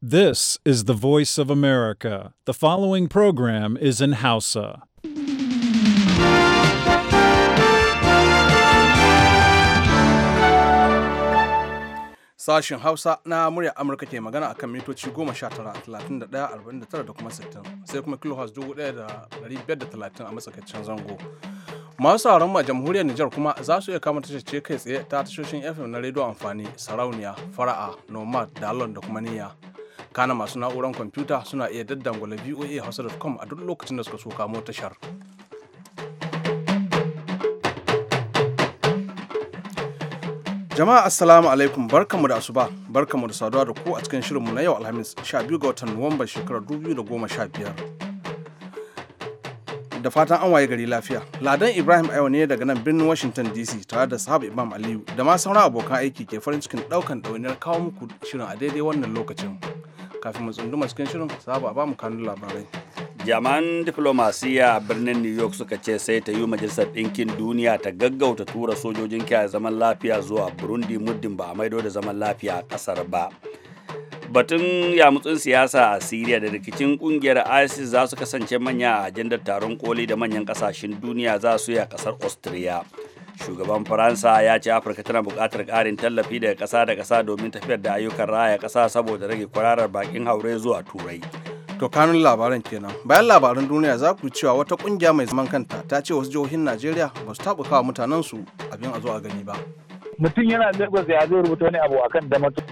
This is the voice of America. The following program is in Hausa. Sashen Hausa na murya Amurka ke magana a kan mitoci 19,31,49 da kuma 60 sai kuma kilohas 1,530 a matsakaicin zango. Masu sauran ma jamhuriyar Nijar kuma za su iya kama tashar kai tsaye ta tashoshin FM na rediyo amfani, sarauniya, fara'a, nomad, dalon da kuma niyya. kana masu na'uran kwamfuta suna iya daddan hausa voa hausa.com a duk lokacin da suka so kamo tashar jama'a assalamu alaikum barkamu da asuba barkamu da saduwa da ku a cikin shirinmu na yau alhamis 12 ga watan nuwamba shekarar 2015 da fatan an waye gari lafiya ladan ibrahim ayo ne daga nan birnin washington dc tare da sahab imam aliyu da ma sauran abokan aiki ke farin cikin daukan dauniyar kawo muku shirin a daidai wannan lokacin kafin mu cikin shirin ba mu kanun labarai jaman diplomasiya a birnin new york suka ce sai ta yi majalisar ɗinkin duniya ta gaggauta tura sojojin kiyaye zaman lafiya zuwa burundi muddin ba a maido da zaman lafiya a ƙasar ba batun yamutsun siyasa a siriya da rikicin kungiyar isis za su kasance manya a ajandar taron koli da manyan kasashen duniya za su yi a ƙasar austria shugaban faransa ya ce afirka tana bukatar ƙarin tallafi daga ƙasa da ƙasa domin tafiyar da ayyukan raya ƙasa saboda rage kwararar bakin haure zuwa turai to kanun labaran kenan bayan labaran duniya za ku cewa wata kungiya mai zaman kanta ta ce wasu jihohin najeriya ba su taɓuka wa mutanensu abin a zo a gani ba mutum yana lagos ya zai rubuta wani abu akan damatu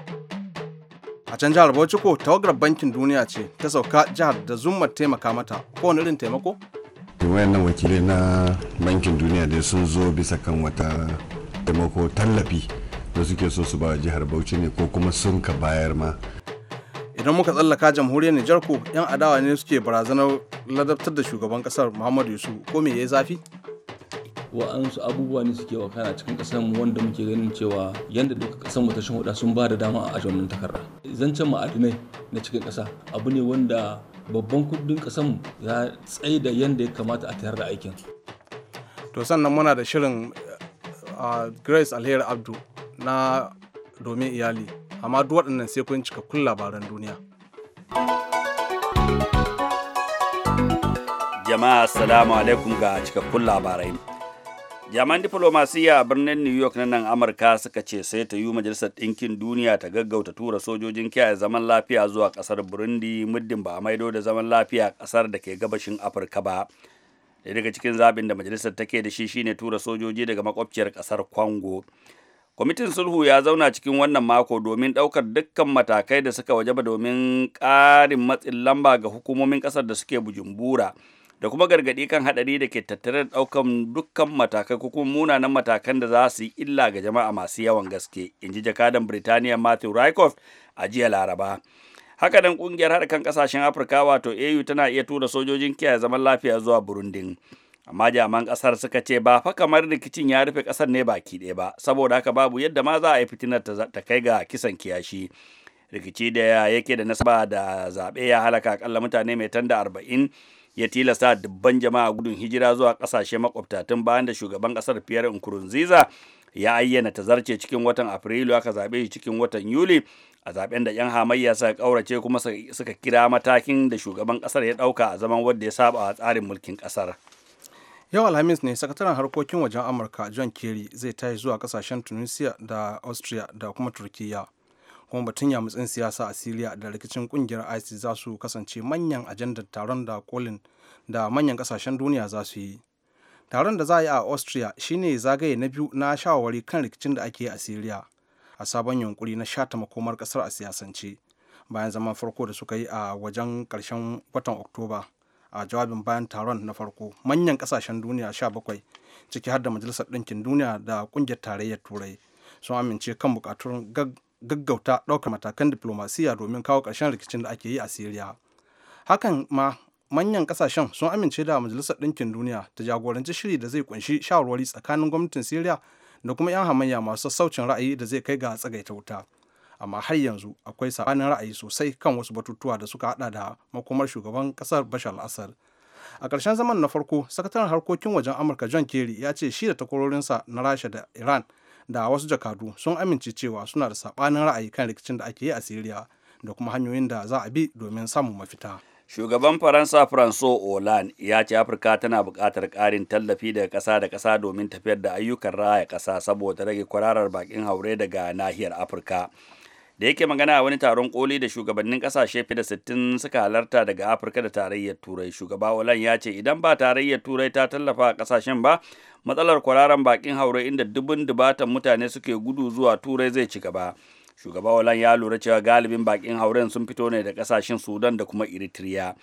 a can jihar bauchi ko tawagar bankin duniya ce ta sauka jihar da zummar taimaka mata kowane irin taimako wayannan wakilai na bankin duniya dai sun zo bisa kan wata taimako tallafi da suke so su ba jihar bauchi ne ko kuma sun ka bayar ma idan muka tsallaka jamhuriyar nijar ko yan adawa ne suke barazanar ladabtar da shugaban kasar muhammadu yusuf ko me yi zafi wa'ansu abubuwa ne suke kana cikin kasar mu wanda muke ganin cewa yadda duka kasar mu ta shan sun ba da dama a ajiyar takarda zancen ma'adinai na cikin kasa abu ne wanda babban kudin kasanmu ya tsaye da yadda ya kamata a tayar da aikin to sannan muna da shirin grace alheri abdu na domin iyali amma duk waɗannan sai kun cikakkun labaran duniya jama'a assalamu alaikum ga cikakkun labarai jaman diflomasiyya a birnin new york na nan amurka suka ce sai ta yi majalisar ɗinkin duniya ta gaggauta tura sojojin kiyaye zaman lafiya zuwa ƙasar burundi muddin ba a maido da zaman lafiya ƙasar da ke gabashin afirka ba da daga cikin zaɓin da majalisar take da shi shi ne tura sojoji daga makwabciyar ƙasar kwango kwamitin sulhu ya zauna cikin wannan mako domin ɗaukar dukkan matakai da suka waje ba domin ƙarin matsin lamba ga hukumomin ƙasar da suke bujumbura da kuma gargaɗi kan haɗari da ke tattare da ɗaukan dukkan matakai ko kuma munanan matakan da za su yi illa ga jama'a masu yawan gaske in ji jakadan Birtaniya Matthew Rycroft a jiya Laraba. Haka nan ƙungiyar haɗa kan ƙasashen Afirka wato AU tana iya tura sojojin kiyaye zaman lafiya zuwa burundin Amma jaman ƙasar suka ce ba fa kamar rikicin ya rufe ƙasar ne baki ɗaya ba, saboda haka babu yadda ma za a yi fitinar ta kai ga kisan kiyashi. Rikici da yake da nasaba da zaɓe ya halaka akalla mutane mai tanda arba'in ya tilasta dubban jama'a gudun hijira zuwa kasashe makwabta tun bayan da shugaban kasar Pierre Nkurunziza ya ayyana tazarce cikin watan Afrilu aka zaɓe shi cikin watan Yuli a zaɓen da 'yan hamayya suka ƙaurace kuma suka kira matakin da shugaban kasar ya ɗauka a zaman wanda ya saba a tsarin mulkin kasar. yau alhamis ne sakataren harkokin wajen amurka john kerry zai tashi zuwa kasashen tunisia da austria da kuma turkiyya. kuma batun yamutsin siyasa a siriya da rikicin kungiyar isis za su kasance manyan ajandar taron da kolin da manyan kasashen duniya za su yi taron da za a yi a austria shine zagaye na biyu na shawari kan rikicin da ake a siriya a sabon yunkuri na shata makomar kasar a siyasance bayan zaman farko da suka yi a wajen karshen watan oktoba a jawabin bayan taron na farko manyan kasashen duniya sha bakwai ciki har da majalisar ɗinkin duniya da ƙungiyar tarayyar turai sun amince kan bukatun gaggauta ɗaukar matakan diplomasiya domin kawo ƙarshen rikicin da ake yi a Siriya. Hakan ma manyan ƙasashen sun amince da Majalisar Ɗinkin Duniya ta jagoranci shiri da zai kunshi shawarwari tsakanin gwamnatin Siriya da kuma 'yan hamayya masu sassaucin ra'ayi da zai kai ga tsagaita wuta. Amma har yanzu akwai sabanin ra'ayi sosai kan wasu batutuwa da suka hada da makomar shugaban ƙasar Bashar al A ƙarshen zaman na farko, sakataren harkokin wajen Amurka John Kerry ya ce shi da takwarorinsa na Rasha da Iran da wasu jakadu sun amince cewa suna da sabanin ra'ayi kan rikicin da ake yi a siriya da kuma hanyoyin da za a bi domin samun mafita shugaban faransa franco Hollande ya ce afirka tana buƙatar ƙarin tallafi daga ƙasa da ƙasa domin tafiyar da ayyukan raya ƙasa saboda rage kwararar baƙin haure daga nahiyar afirka da yake magana a wani taron koli da shugabannin kasashe fiye da 60 suka halarta daga afirka da tarayyar turai shugaba olan ya ce idan ba tarayyar turai ta tallafa a kasashen ba matsalar kwararan bakin haure inda dubun dubatan mutane suke gudu zuwa turai zai ci gaba shugaba olan ya lura cewa galibin bakin hauren sun fito ne da kasashen sudan da kuma eritrea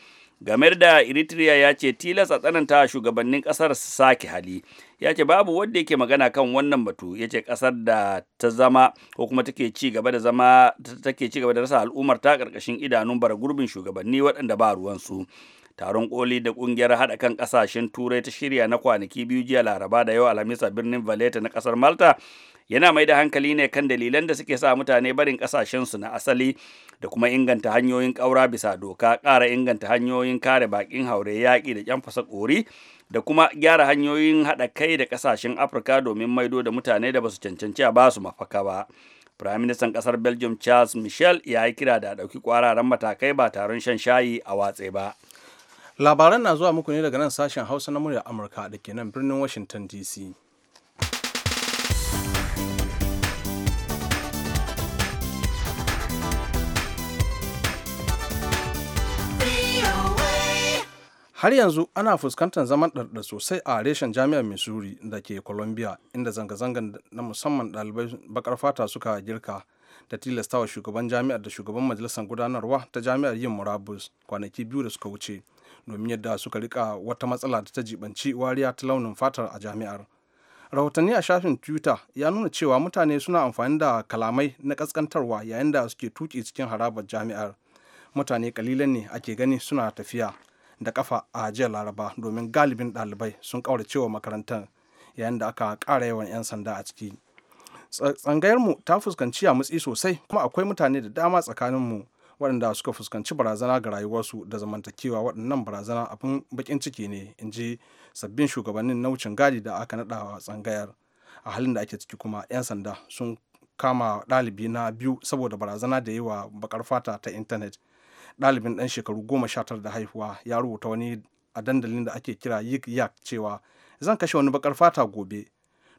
game da eritrea ya ce tilas a tsananta shugabannin kasar su sake hali ya ce babu wanda yake magana kan wannan batu ya ce kasar da ta zama ko kuma take ci gaba da zama take ci gaba da rasa al'ummar ta karkashin idanun bara gurbin shugabanni waɗanda ba ruwansu taron koli da kungiyar haɗa kan ƙasashen turai ta shirya na kwanaki biyu jiya laraba da yau alhamisa a birnin valetta na ƙasar malta yana mai da hankali ne kan dalilan da suke sa mutane barin su na asali da kuma inganta hanyoyin ƙaura bisa doka ƙara inganta hanyoyin kare baƙin haure yaƙi da ƙyan fasa ƙori da kuma gyara hanyoyin haɗa kai da ƙasashen afirka domin maido da mutane da basu cancanci a basu mafaka ba firaministan ƙasar belgium charles michel ya yi kira da ɗauki ƙwararren matakai ba taron shan shayi a watse ba labaran na zuwa muku ne daga nan sashen hausa na murya amurka da ke nan birnin washington dc har yanzu ana fuskantar zaman ɗarɗa sosai a reshen jami'ar missouri da ke columbia inda zanga-zangan na musamman ɗalibai baƙar fata suka girka da tilastawa shugaban jami'ar da shugaban majalisar gudanarwa ta jami'ar yin murabus kwanaki biyu da suka wuce domin yadda suka rika wata matsala da ta jibanci wariya ta launin fatar a jami'ar rahotanni a shafin twitter ya nuna cewa mutane suna amfani da kalamai na kaskantarwa yayin da suke tuki cikin harabar jami'ar mutane kalilan ne ake gani suna tafiya da kafa a jiya laraba domin galibin dalibai sun cewa makarantar yayin da aka kara yawan 'yan sanda a ciki tsangayarmu ta fuskanci mutsi sosai kuma akwai mutane da dama tsakaninmu waɗanda suka fuskanci barazana ga rayuwarsu da zamantakewa waɗannan barazana abin bakin ciki ne in ji sabbin shugabannin na wucin gadi da aka naɗa tsangayar a halin da ake ciki kuma 'yan sanda sun kama ɗalibi na biyu saboda barazana da yi wa bakar fata ta intanet ɗalibin ɗan shekaru goma sha tara da haihuwa ya rubuta wani a dandalin da ake kira yik yak cewa zan kashe wani bakar fata gobe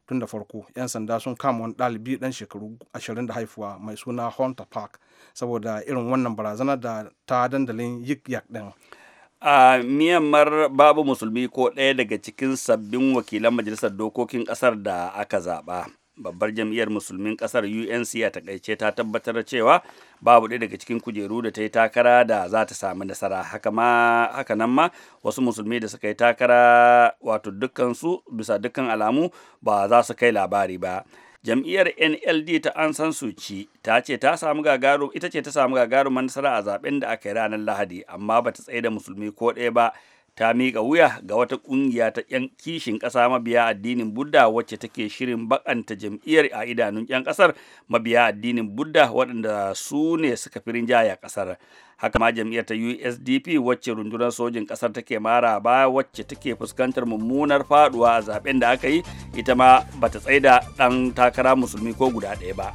tun da farko 'yan sanda sun kama wani ɗalibi ɗan shekaru ashirin da haifuwa mai suna hunter park saboda irin wannan barazana da ta dandalin yik yak ɗin a miyamar babu musulmi ko ɗaya daga cikin sabbin wakilan majalisar dokokin ƙasar da aka zaɓa babbar jam'iyyar musulmin kasar unc a takaice ta tabbatar cewa babu ɗaya daga cikin kujeru da ta yi takara da za ta sami nasara haka nan ma wasu musulmi da suka yi takara wato dukkansu bisa dukkan alamu ba za su kai labari ba jam'iyyar nld ta an san suci ta ce ta samu gagaru ita ce ta samu gagarumin nasara a zaben da aka yi ranar lahadi amma ba ta tsaye da musulmi ko ɗaya ba ta miƙa wuya ga wata ƙungiya ta 'yan kishin ƙasa mabiya addinin buddha wacce take shirin baƙanta jam'iyyar a idanun 'yan ƙasar mabiya addinin buddha waɗanda su ne suka fi a ƙasar. Haka ma jam'iyyar ta USDP wacce rundunar sojin ƙasar take mara ba wacce take fuskantar mummunar faɗuwa a zaben da aka yi ita ma bata tsaida ɗan takara musulmi ko guda ɗaya ba.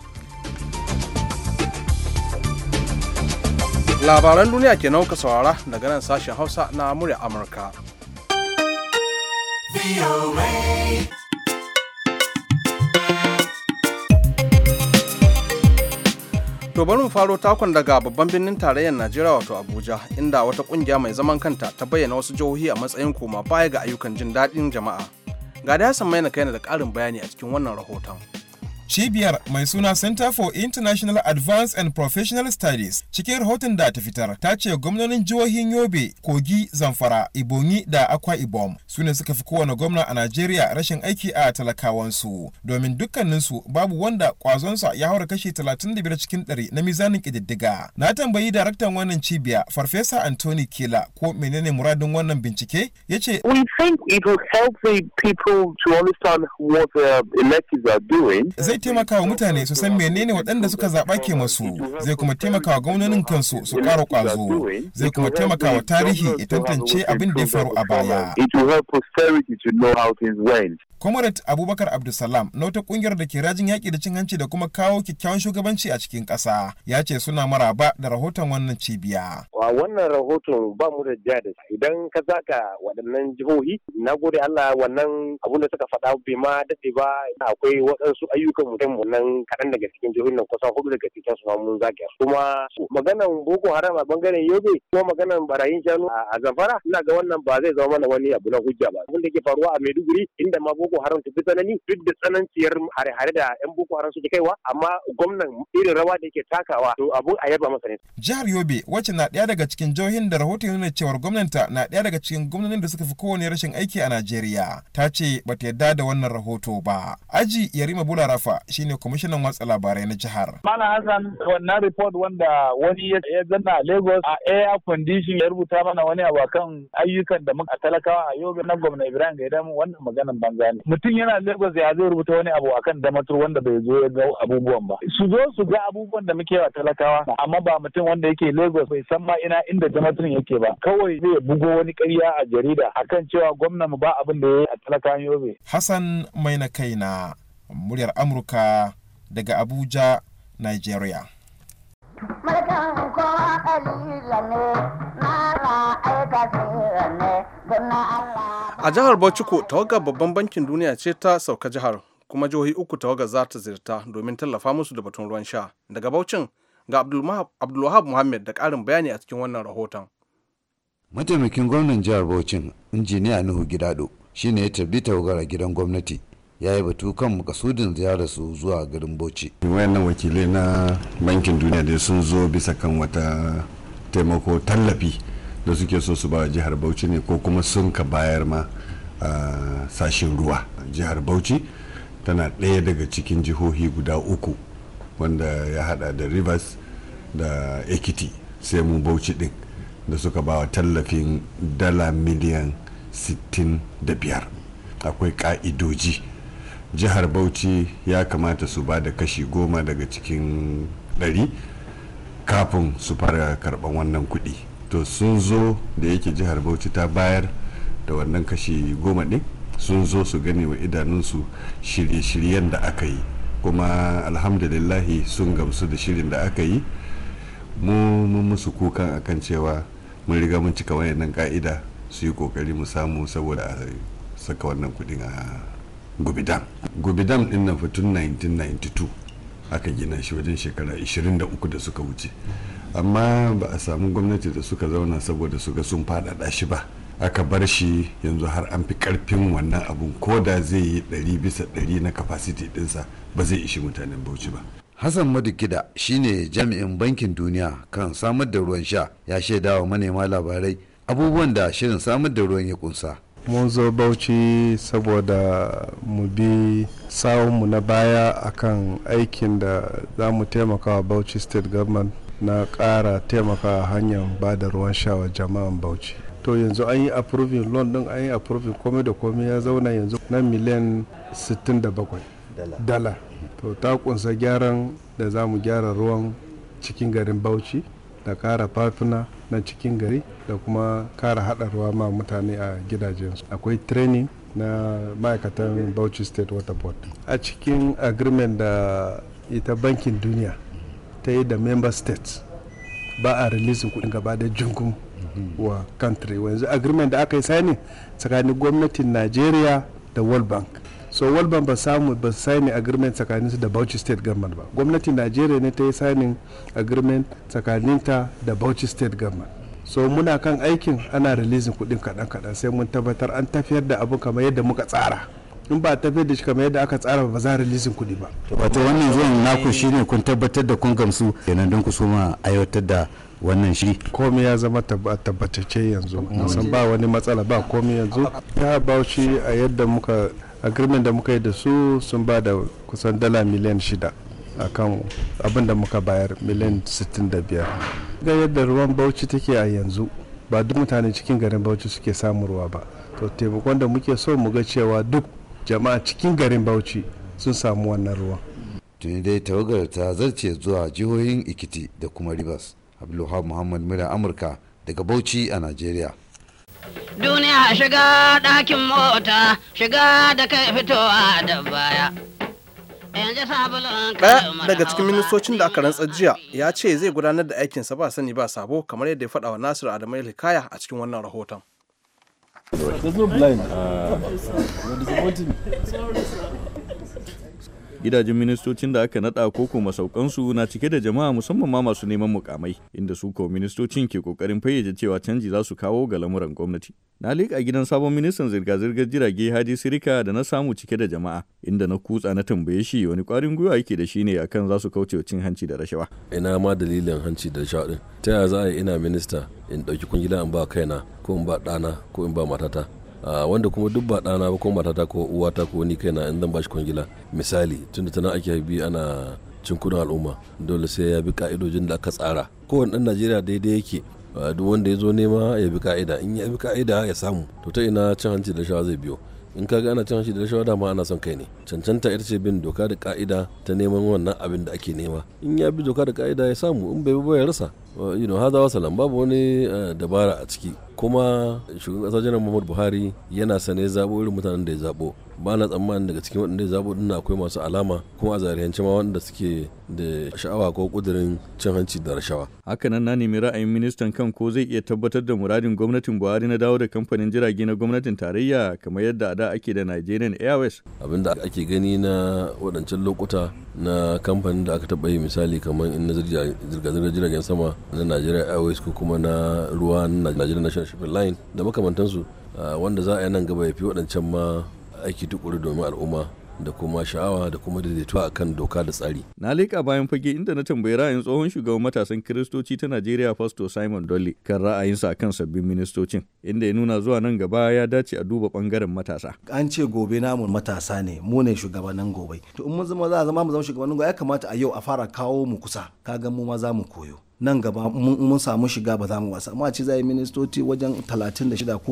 labaran duniya ke nauka saurara daga nan sashen hausa na murya amurka To mu faro takon daga babban birnin tarayyar Najeriya wato Abuja inda wata kungiya mai zaman kanta ta bayyana wasu jihohi a matsayin koma baya ga ayyukan jin daɗin jama'a. Ga da Hassan Maina kai da ƙarin bayani a cikin wannan rahoton. Cibiyar mai suna Center for International Advanced and Professional Studies cikin rahoton da ta fitar ta ce gwamnonin jihohin Yobe, Kogi, Zamfara, Ibonyi da Akwa Ibom su ne suka fi kowane gwamna a Najeriya rashin aiki a talakawansu domin dukkaninsu babu wanda kwazonsa ya haura kashi 35 cikin 100 na mizanin ƙididdiga. Na tambayi daraktan wannan cibiya Farfesa Anthony Kela ko menene muradin wannan bincike ya ce. We think it will help the people to uh, Zai taimaka wa mutane su san menene waɗanda suka zaɓa ke masu zai kuma taimaka wa kansu su ƙara ƙwazo zai kuma taimakawa tarihi ya tantance abin da ya faru a baya. Comrade Abubakar Abdulsalam na wata ƙungiyar da ke rajin yaƙi da cin hanci da kuma kawo kyakkyawan shugabanci a cikin ƙasa ya ce suna maraba da rahoton wannan cibiya. A wannan rahoton ba mu da jiya da idan ka zaka waɗannan jihohi na gode Allah wannan abun da suka faɗa bai ma daɗe ba akwai waɗansu ayyukan mutum mu nan kaɗan daga cikin jihohin nan kusan hudu daga cikin su mun zagaya kuma maganan boko haram a bangaren yobe kuma maganan barayin shanu a zamfara ina ga wannan ba zai zama mana wani abu na hujja ba abin da ke faruwa a maiduguri inda ma boko haram ta fi tsanani duk da tsananciyar hare-hare da yan boko haram suke kaiwa amma gwamnan irin rawa da yake takawa to abu a yaba masa ne jihar yobe wacce na ɗaya daga cikin jihohin da rahoton nuna cewar gwamnanta na ɗaya daga cikin gwamnonin da suka fi kowane rashin aiki a najeriya ta ce ba ta yarda da wannan rahoto ba aji yarima bula rafa. shine kwamishinan watsa labarai na jihar. Mana Hassan wannan report wanda wani ya zanna a Lagos a air condition ya rubuta mana wani abu kan ayyukan da muka talakawa a yau na gwamna Ibrahim Gaidam wannan maganan banza ne. Mutum yana Lagos ya zai rubuta wani abu akan damatur wanda bai zo ya ga abubuwan ba. Su zo su ga abubuwan da muke wa talakawa amma ba mutum wanda yake Lagos bai san ma ina inda damatur yake ba. Kawai zai bugo wani ƙarya a jarida akan cewa gwamna mu ba abin da ya yi a talakawan Yobe. Hassan mai na kaina muryar amurka daga abuja nigeria a jihar bauchiko tawaga babban bankin duniya ce ta sauka jihar kuma jihohi uku tawaga za ta zirta domin tallafa musu da batun ruwan sha daga baucin ga abdulwahab muhammad da karin bayani a cikin wannan rahoton mataimakin gwamnan jihar bauchi injiniya nuhu gidado shine ya tarbi tawagar a gidan gwamnati ya yi batu kan makasudin ziyararsu zuwa garin bauchi wayannan wakilai na bankin duniya da sun zo bisa kan wata taimako tallafi da suke so su ba jihar bauchi ne ko kuma sun ka bayar ma sashen ruwa jihar bauchi tana ɗaya daga cikin jihohi guda uku wanda ya hada da rivers da ekiti sai mu bauchi ɗin da suka ba wa tallafin dala miliyan 65 akwai ka'idoji jihar bauchi ya kamata su ba da kashi goma daga cikin ɗari kafin su fara karɓan wannan kuɗi to sun zo da yake jihar bauchi ta bayar da wannan kashi goma ɗin sun zo su gani wa idanunsu shirye-shiryen da aka yi kuma alhamdulillahi sun gamsu da shirin da aka yi mu mun musu kukan akan cewa mun riga mun cika wayannan ka'ida su yi kokari mu samu saboda a saka wannan kuɗin a gubidam gubidam din nan fitun 1992 aka gina shi wajen shekara 23 da suka wuce amma ba a samu gwamnati da suka zauna saboda su ga sun faɗaɗa shi ba aka bar shi yanzu har an fi karfin wannan abun ko da zai yi ɗari bisa ɗari na kafasiti dinsa ba zai ishi mutanen bauchi ba hassan madukida shine jami'in bankin duniya kan samar da ruwan sha ya shaidawa manema labarai abubuwan da shirin samar da ruwan ya kunsa mun zo bauchi saboda mu bi mu na baya akan aikin da za mu taimaka wa bauchi state government na kara taimaka hanyar ba da ruwan sha wa jama'an bauchi to yanzu an yi approving loan din an yi approving komai da komai ya zauna yanzu na miliyan 67 dala to ta kunsa gyaran da za mu gyara ruwan cikin garin bauchi da kara fafuna na cikin gari da kuma kara haɗarwa ma mutane a gidajensu akwai training na ma'aikatan bauchi state water board a cikin agreement da ita bankin duniya ta yi da member states ba a releasing kudin gaba da jungun wa country wanzu agreement da aka yi sani tsakanin gwamnatin nigeria da world bank so walban ba samu ba signing agreement tsakaninsu da bauchi state government ba gwamnatin najeriya ne ta yi signing agreement tsakaninta da bauchi state government so muna kan aikin ana releasing kudin kaɗan kaɗan sai mun tabbatar an tafiyar da abu kamar yadda muka tsara in ba tafiyar da shi kamar yadda aka tsara ba za a releasing kuɗi ba wato wannan zuwan naku shine kun tabbatar da kun gamsu yanan don ku soma aiwatar da wannan shi komai ya zama tabbatacce yanzu san ba wani matsala ba komai yanzu ya bauchi a yadda muka a agreement da muka yi da su sun ba da kusan dala miliyan shida a kan abin da muka bayar miliyan 65 ga yadda ruwan bauchi take a yanzu ba duk mutane cikin garin bauchi suke samun ruwa ba to taimakon da muke so mu ga cewa duk jama'a cikin garin bauchi sun samu wannan ruwan tuni dai tawagar ta zarce zuwa jihohin ikiti da kuma rivers abdulwahab muhammad mura amurka daga bauchi a nigeria. duniya shiga ɗakin mota shiga da kai fitowa da baya Ɗaya daga cikin ministocin da aka rantsar jiya ya ce zai gudanar da aikinsa ba sani ba sabo kamar yadda ya faɗa wa Nasiru Adamu Hikaya a cikin wannan rahoton. gidajen ministocin da aka nada koko masaukansu na cike da jama'a musamman ma masu neman mukamai inda su ko ministocin ke kokarin fayyace cewa canji za su kawo ga lamuran gwamnati na a gidan sabon ministan zirga-zirgar jirage hadi sirika da na samu cike da jama'a inda na kutsa na tambaye shi wani kwarin gwiwa yake da shi ne akan za su kauce cin hanci da rashawa ina ma dalilin hanci da rashawa din ta yaya za a yi ina minista in ɗauki kungila in ba kaina ko in ba ɗana ko in ba matata Ah, wanda kuma duk ba ɗana ba ko matata ko uwata ko ni kaina in zan bashi kwangila misali tunda tana ake bi ana cin kudin al'umma dole sai ya bi ka'idojin da aka tsara kowane ɗan najeriya daidai yake ah, duk wanda ya zo nema ya bi ka'ida in ya bi ka'ida ya samu to ta ina cin hanci da shawa zai biyo in ka ana cin hanci da rashawa dama ana son kai ne cancanta ita ce bin doka da ka'ida ta neman wannan abin da ake nema in ya bi doka da ka'ida ya samu in bai ba ya rasa you know hada wasalam babu wani eh, dabara a ciki kuma shugaban kasa janar muhammadu buhari yana sane zabo irin mutanen da ya zabo ba na tsammanin daga cikin waɗanda ya zabo dinna akwai masu alama kuma a zariyance ma waɗanda suke da sha'awa ko kudirin cin hanci da rashawa hakanan na nemi ra'ayin ministan kan ko zai iya tabbatar da muradin gwamnatin buhari na dawo da kamfanin jirage na gwamnatin tarayya kamar yadda a da ake da nigerian airways abinda ake gani na waɗancan lokuta na kamfanin da aka taɓa yi misali kamar in na zirga-zirgar jiragen sama na Nigeria Airways ko kuma na ruwa na Nigeria National Shipping Line da makamantansu wanda za a yi nan gaba ya fi waɗancan ma aiki tukuru domin al'umma da kuma sha'awa da kuma daidaito a kan doka da tsari. Na leƙa bayan fage inda na tambayi ra'ayin tsohon shugaban matasan Kiristoci ta Najeriya Fasto Simon Dolly kan ra'ayinsa a kan sabbin ministocin inda ya nuna zuwa nan gaba ya dace a duba ɓangaren matasa. An ce gobe namu matasa ne mu ne shugabannin gobe. To in mun zama za a zama mu zama shugabannin gobe ya kamata a yau a fara kawo mu kusa ka kaga mu ma za mu koyo. nan gaba mun samu shiga ba za mu wasa amma ce zai ministoci wajen 36 ko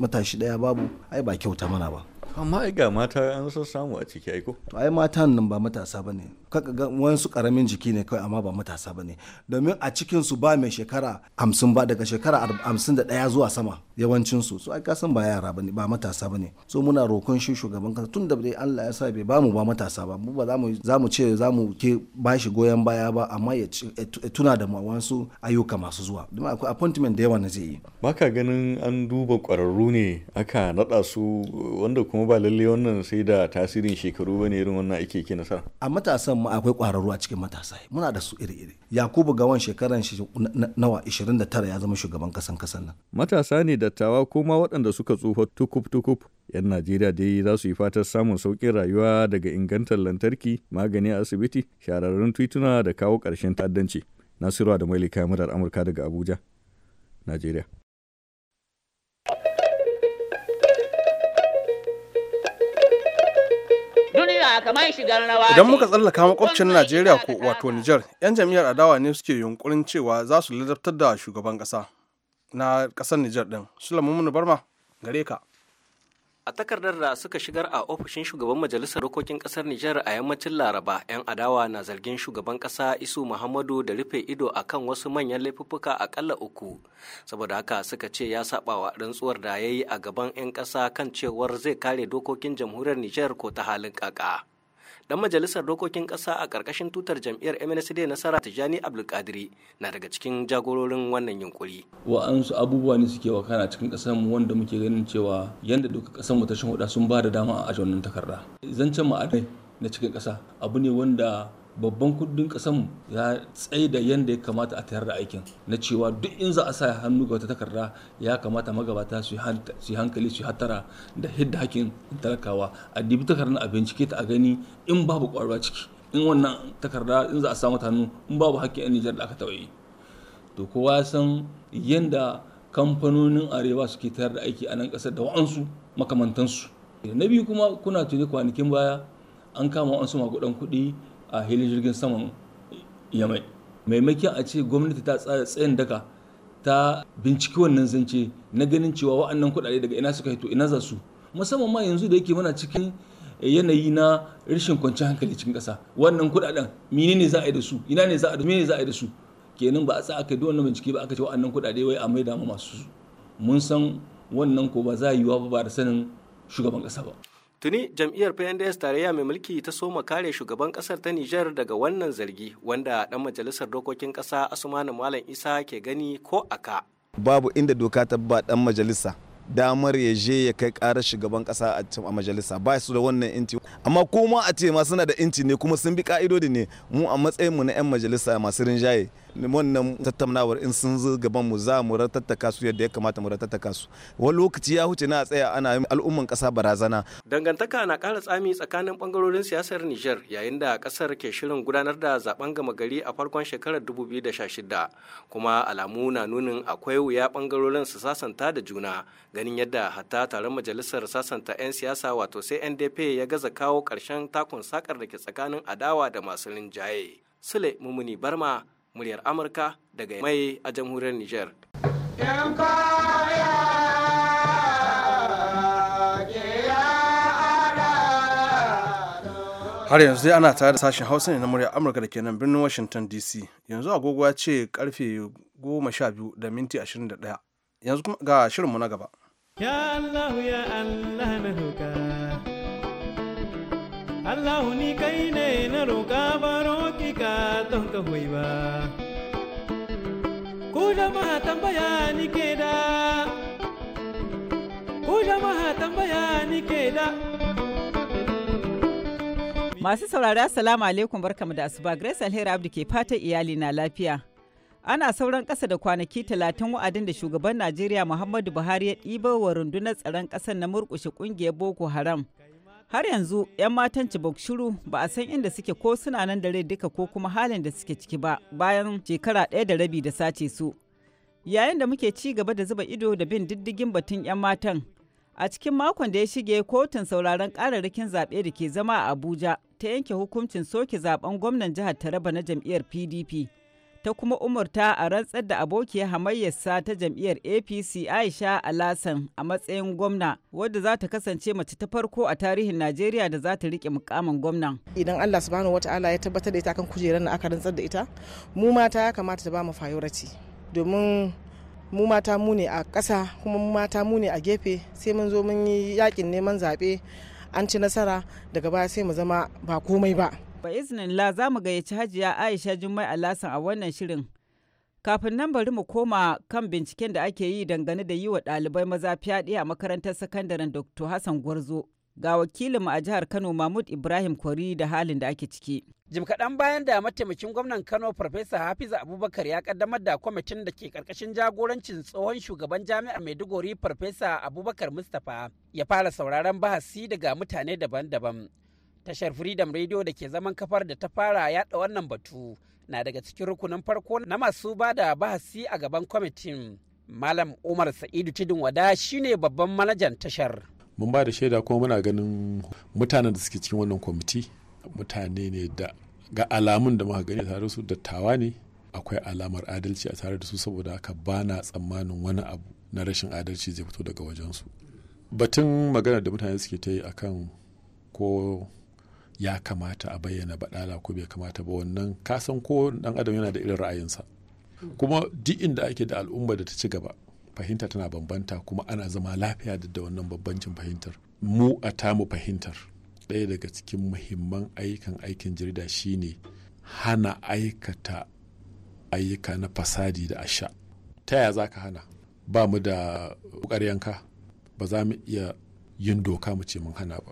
matashi daya babu ai ba kyauta mana ba amma ai ga mata an so samu a ciki aiko to ai matan nan ba matasa bane wansu karamin jiki ne kawai amma ba matasa ba ne domin a cikin su ba mai shekara hamsin ba daga shekara hamsin da ɗaya zuwa sama yawancin su su aka san ba yara ba ne ba matasa ba ne so muna rokon shi shugaban kasa tun da dai Allah ya sa bai ba mu ba matasa ba mu ba za mu ce za mu ke ba shi goyon baya ba amma ya tuna da wasu ayyuka masu zuwa domin akwai appointment da yawa na zai yi Ba ka ganin an duba ƙwararru ne aka naɗa su wanda kuma ba lallai wannan sai da tasirin shekaru ba ne irin wannan ake ke nasara a matasan ma akwai ƙwararru a cikin matasa muna da su iri-iri yakubu gawan shekaran shi nawa 29 ya zama shugaban kasan kasan nan matasa ne dattawa kuma waɗanda suka tsufa tukup tukup 'yan najeriya dai za su yi fatar samun saukin rayuwa daga ingantar lantarki magani a asibiti shahararrun tituna da kawo karshen ta'addanci nasiru da mailika murar amurka daga abuja najeriya kamar shigar rawa idan muka tsallaka makwabcin najeriya ko wato nijar yan jam'iyyar adawa ne suke yunkurin cewa za su ladabtar da shugaban kasa na kasar nijar din sulaiman barma gare ka A takardar da suka shigar a ofishin shugaban majalisar dokokin kasar Nijar a yammacin Laraba, 'yan adawa na zargin shugaban kasa Isu Muhammadu da rufe ido a kan wasu manyan laifuffuka akalla uku. Saboda haka suka ce ya sabawa rantsuwar da ya yi a gaban 'yan kasa kan cewar zai kare dokokin jamhuriyar Nijar ko ta halin kaka. dan majalisar dokokin ƙasa a karkashin tutar jam'iyyar MNSD Nasara Tijani Abdulkadiri na daga cikin jagororin wannan yunkuri. Wa'ansu abubuwa ne suke wakana cikin kasar mu wanda muke ganin cewa yanda dokar ƙasar mu ta shan sun ba da dama a wannan takarda. Zancen ma'adai na cikin ƙasa abu ne wanda babban kudin kasanmu ya tsaida yadda ya kamata a tayar da aikin na cewa duk in za a sa hannu ga wata takarda ya kamata magabata su yi hankali su hatara da hidda hakin talakawa a dibi takardar a bincike ta a gani in babu kwarwa ciki in wannan takarda in za a samu hannu in babu hakkin yan nijar da aka tawaye to kowa ya san yadda kamfanonin arewa suke tayar da aiki a nan kasar da wa'ansu makamantansu na biyu kuma kuna tuni kwanakin baya an kama wa'ansu magudan kuɗi a hilin jirgin saman yamai maimakon a ce gwamnati ta tsara tsayin daka ta binciki wannan zance na ganin cewa wa'annan kuɗaɗe daga ina suka hito ina za su musamman ma yanzu da yake mana cikin eh, yanayi na rashin kwanciyar hankali cikin ƙasa wannan kuɗaɗen mini ne za a yi da su ina ne za a yi da su kenan ba a tsaya aka yi wannan bincike ba aka ce wa'annan kuɗaɗe wai a mai ma masu mun san wannan ko ba za a wa ba ba da sanin shugaban ƙasa ba. Tuni jam'iyyar PNDS tarayya mai mulki ta soma kare shugaban kasar ta Nijar daga wannan zargi wanda dan majalisar dokokin kasa Asmanu Malam Isa ke gani ko aka. Babu inda doka ta ba dan majalisa damar ya je ya kai karar shugaban kasa a majalisa ba su da wannan inci amma kuma a ce ma suna da inci ne kuma sun bi ka'idodi ne mu a matsayin mu na 'yan majalisa masu rinjaye wannan tattaunawar in sun zo gaban mu za mu ratattaka su yadda ya kamata mu ratattaka su wani lokaci ya huce na tsaya ana yin al'umman kasa barazana dangantaka na kara tsami tsakanin bangarorin siyasar Niger yayin da kasar ke shirin gudanar da zaben gama gari a farkon shekarar 2016 kuma alamu na nunin akwai wuya bangarorin su sasanta da juna ganin yadda hatta taron majalisar sasanta 'yan siyasa wato sai NDP ya gaza kawo karshen takun sakar da ke tsakanin adawa da masu rinjaye. Sule Mumuni Barma muryar amurka daga mai a jamhuriyar niger har yanzu dai ana tare da sashen hausa ne na muryar amurka da ke nan birnin washington dc yanzu agogo ya ce karfe 12 da minti 21 yanzu kuma ga shirinmu na gaba ya allah ya allah na roka allah ni kai ne na roka baro masu saurari assalamu alaikum barkamu da asuba grace alheri abdu ke fata iyali na lafiya ana sauran ƙasa da kwanaki talatin wa'adin da shugaban najeriya muhammadu buhari ya ɗiba wa rundunar tsaron ƙasar na murƙushe ƙungiyar boko haram har yanzu 'yan matan cibok shiru ba a san inda suke ko suna nan da rai duka ko kuma halin da suke ciki ba bayan shekara ɗaya da rabi da sace su. Yayin da muke ci gaba da zuba ido da bin diddigin batun 'yan matan, a cikin makon da ya shige kotun sauraron kararrakin zaɓe da ke zama a Abuja ta yanke hukuncin soke zaben gwamnan jihar Taraba na jam'iyyar PDP. ta kuma umarta a rantsar da abokiyar hamayyarsa ta jam'iyyar apc aisha alasan a matsayin gwamna wadda za ta kasance mace ta farko a tarihin najeriya da za ta rike mukamin gwamnan idan allah subhanahu wataala ya tabbatar da ita kan kujerar na aka rantsar da ita mu mata ya kamata ta ba mu fayoraci domin mu mata mu ne a ƙasa kuma mu mata mu ne a gefe sai mun zo mun yi yakin neman zaɓe an ci nasara daga baya sai mu zama ba komai ba Ba la za mu gayyaci Hajiya Aisha Jummai Alasan a wannan shirin. Kafin nan bari mu koma kan binciken da ake yi dangane da yi wa ɗalibai maza fyaɗe a makarantar sakandaren Dr. Hassan Gwarzo. Ga wakilinmu a jihar Kano Mahmud Ibrahim Kwari da halin da ake ciki. Jim kaɗan bayan da mataimakin gwamnan Kano Farfesa Hafiza Abubakar ya kaddamar da kwamitin da ke karkashin jagorancin tsohon shugaban jami'ar Maiduguri Farfesa Abubakar Mustapha ya fara sauraron bahasi daga mutane daban-daban. Tashar Freedom Radio da ke zaman kafar da ta fara yada wannan batu na daga cikin rukunin farko na masu ba da bahasi a gaban kwamitin. Malam Umar Sa'idu Tudun Wada shine babban manajan tashar. Mun ba da shaida kuma muna ganin mutanen da suke cikin wannan kwamiti mutane ne da ga alamun da muka gani tare su dattawa ne akwai alamar adalci a tare da su saboda haka ba na tsammanin wani abu na rashin adalci zai fito daga wajensu batun magana da mutane suke ta yi akan ko ya kamata a bayyana ɗala ko bai kamata ba wannan kasan ko ɗan adam yana da irin ra'ayinsa kuma duk inda ake da al'umma da ta ci gaba fahimta tana bambanta kuma ana zama lafiya da wannan babbancin fahimtar mu a tamu fahimtar ɗaya daga cikin muhimman ayyukan aikin jarida shine hana aikata ayyuka na fasadi da asha ta yaya za ka hana ba mu da ƙwaryanka ba za mu iya yin doka mu ce mun hana ba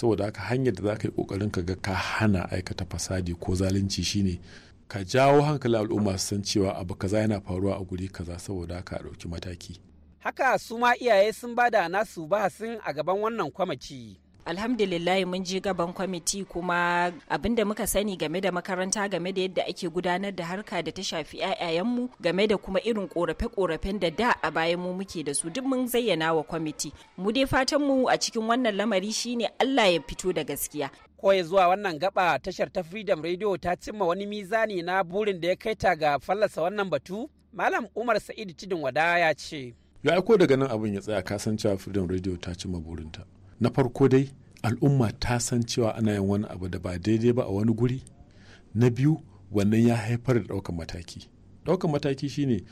saboda haka hanyar da za ka yi kokarin ka ga ka hana aikata fasadi ko zalunci shine ka jawo hankali al'umma su san cewa abu kaza yana faruwa a guri kaza saboda haka a ɗauki mataki haka su ma iyaye sun bada nasu bahasin a gaban wannan kwamaci alhamdulillah mun ji gaban kwamiti kuma abinda muka sani game da makaranta game da yadda ake gudanar da harka da ta shafi 'ya'yayenmu game da kuma irin korafe-korafen da da a bayan mu muke da su duk mun zayyana wa kwamiti mu dai fatan mu a cikin wannan lamari shine Allah ya fito da gaskiya koya zuwa wannan gaba tashar ta freedom radio ta cimma wani mizani na burin da ya kai ta ga fallasa wannan batu malam umar sa'id tidin wada ya ce ya aiko daga nan abin ya tsaya kasancewa freedom radio ta cimma burinta na farko dai al'umma ta san cewa ana yin wani abu da ba daidai ba a wani guri na biyu wannan ya haifar da ɗaukan mataki ɗaukan mataki shine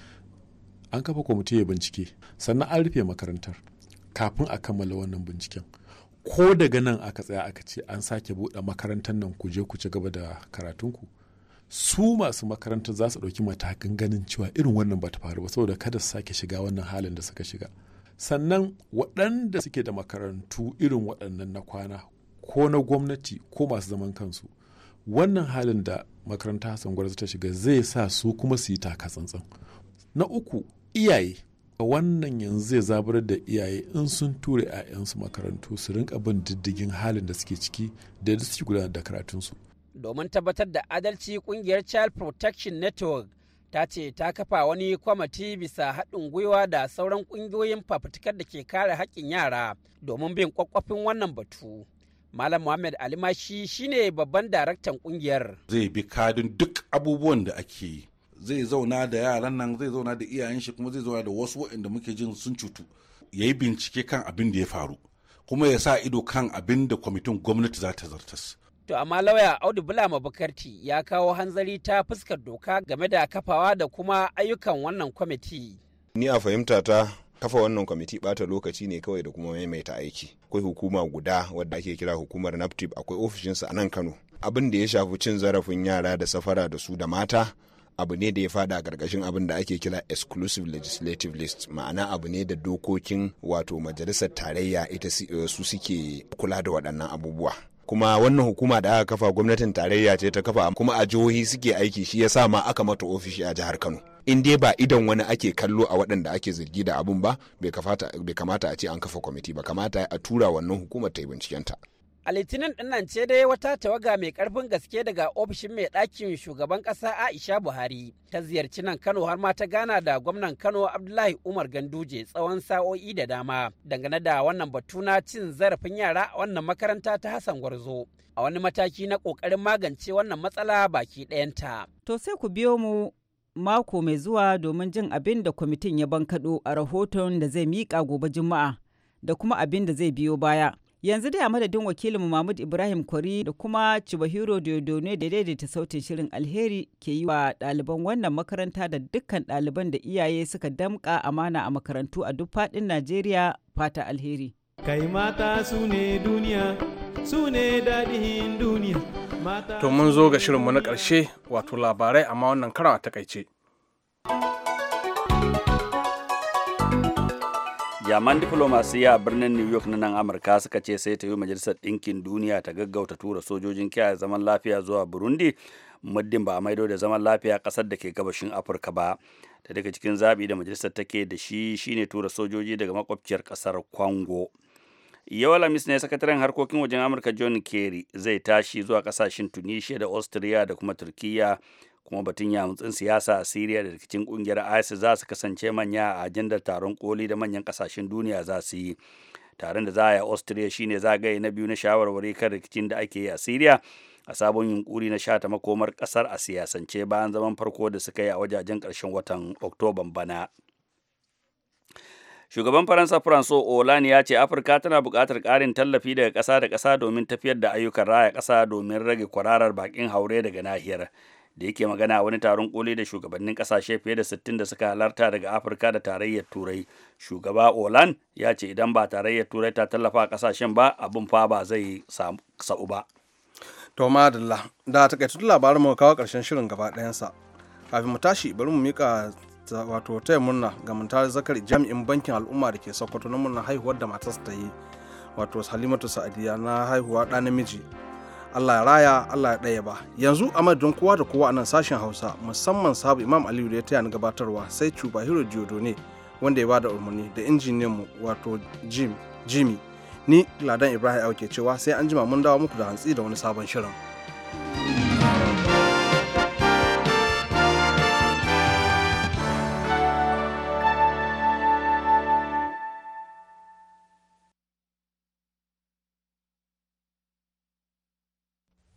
an kafa kwamiti ya bincike sannan an rufe makarantar kafin a kammala wannan binciken ko daga nan aka tsaya aka ce an sake buɗe makarantar nan ku je ku ci gaba da karatunku su masu makarantar za su ɗauki matakan ganin cewa irin wannan ba ta faru ba saboda kada su sake shiga wannan halin da suka shiga sannan waɗanda suke da makarantu irin waɗannan na kwana ko na gwamnati ko masu zaman kansu wannan halin da makaranta hassan gwarzo ta shiga zai sa su kuma su yi tsantsan na uku iyaye wannan yanzu zai zabar da iyaye in sun ture 'ya'yansu makarantu su rinka bin diddigin halin da suke ciki da su suke gudanar da karatunsu domin tabbatar da adalci kungiyar child protection network ta ce ta kafa wani kwamati bisa haɗin gwiwa da sauran ƙungiyoyin fafutukar da ke kare haƙƙin yara domin bin kwakwafin wannan batu. Malam Muhammad Alimashi shine babban daraktan ƙungiyar. Zai bi kadin duk abubuwan da ake yi. Zai zauna da yaran nan, zai zauna da iyayen shi kuma zai zauna da wasu waɗanda muke jin sun cutu. Ya yi bincike kan abin da ya faru. Kuma ya sa ido kan abin da kwamitin gwamnati za ta zartas. To amma lauya Audu Bulama Bukarti ya kawo hanzari ta fuskar doka game da kafawa da kuma ayyukan wannan kwamiti. Ni a fahimta ta kafa wannan kwamiti bata lokaci ne kawai da kuma maimaita aiki. Akwai hukuma guda wadda ake kira hukumar NAPTIP akwai ofishinsa a nan Kano. Abin da ya shafi cin zarafin yara da safara da su da mata abu ne da ya fada karkashin abin da ake kira exclusive legislative list ma'ana abu ne da dokokin wato majalisar tarayya ita eh, su suke kula da waɗannan abubuwa kuma wannan hukuma da aka kafa gwamnatin tarayya ce ta kafa kuma a jihohi suke aiki shi yasa ma aka mata ofishi a jihar Kano in dai ba idan wani ake kallo a waɗanda ake zargi da abun ba bai kamata a ce an kafa kwamiti ba kamata a tura wannan hukumar ta yi bincikenta A Litinin nan ce dai wata tawaga mai karfin gaske daga ofishin mai ɗakin shugaban ƙasa Aisha Buhari ta ziyarci nan Kano har ma ta gana da gwamnan Kano Abdullahi Umar Ganduje tsawon sa'o'i da dama dangane da wannan batu na cin zarafin yara a wannan makaranta ta Hassan Gwarzo a wani mataki na ƙoƙarin magance wannan matsala baki ɗayanta. To sai ku biyo mu mako mai zuwa domin jin abin da kwamitin ya bankaɗo a rahoton da zai mika gobe Juma'a da kuma abin da zai biyo baya. Yanzu dai a madadin wakilinmu Mahmud Ibrahim Kwari da kuma Chibahiro Diodone da daidaita sautin shirin alheri ke yi wa ɗaliban wannan makaranta da dukkan ɗaliban da iyaye suka damƙa amana a makarantu a duk faɗin Najeriya fata alheri. Kai mata su ne duniya, su ne daɗin duniya. To mun zo ga shirinmu na ƙarshe wato labarai amma wannan karawa a takaice. jaman diflomasiya a birnin new york na nan amurka suka ce sai ta yi majalisar ɗinkin duniya ta gaggauta tura sojojin kiyaye zaman lafiya zuwa burundi muddin ba a maido da zaman lafiya kasar da ke gabashin afirka ba da daga cikin zaɓi da majalisar take da shi shine tura sojoji daga makwabciyar ƙasar kwango yau alhamis ne sakataren harkokin wajen amurka john kerry zai tashi zuwa ƙasashen tunisia da austria da kuma turkiya kuma batun yamutsin siyasa a siriya da rikicin kungiyar isis za su kasance manya a ajandar taron koli da manyan kasashen duniya za su yi taron da za a yi a austria shine zagaye na biyu na shawarwari kan rikicin da ake yi a siriya a sabon yunkuri na shata makomar kasar a siyasance bayan zaman farko da suka yi a wajajen karshen watan oktoban bana shugaban faransa franco olani ya ce afirka tana buƙatar ƙarin tallafi daga ƙasa da ƙasa domin tafiyar da ayyukan raya ƙasa domin rage kwararar baƙin haure daga nahiyar da yake magana a wani taron koli da shugabannin kasashe fiye da 60 da suka halarta daga afirka da tarayyar turai shugaba olan ya ce idan ba tarayyar turai ta tallafa kasashen ba abin fa ba zai sa'u ba to madalla da takaitattun labarin mu kawo karshen shirin gaba ɗayansa kafin mu tashi bari mu mika wato taya murna ga muntari zakari jami'in bankin al'umma da ke sokoto na murna haihuwar da matarsa ta yi wato halimatu sa'adiya na haihuwa ɗa namiji Allah ya raya Allah ya ɗaya ba yanzu a don kowa da kowa a nan sashen Hausa musamman sabu Imam Aliyu da ya taya ni gabatarwa sai Cuba Hiro ne wanda ya bada umarni da injiniyan mu wato Jim Jimmy ni Ladan Ibrahim Auke cewa sai an jima mun dawo muku da hantsi da wani sabon shirin.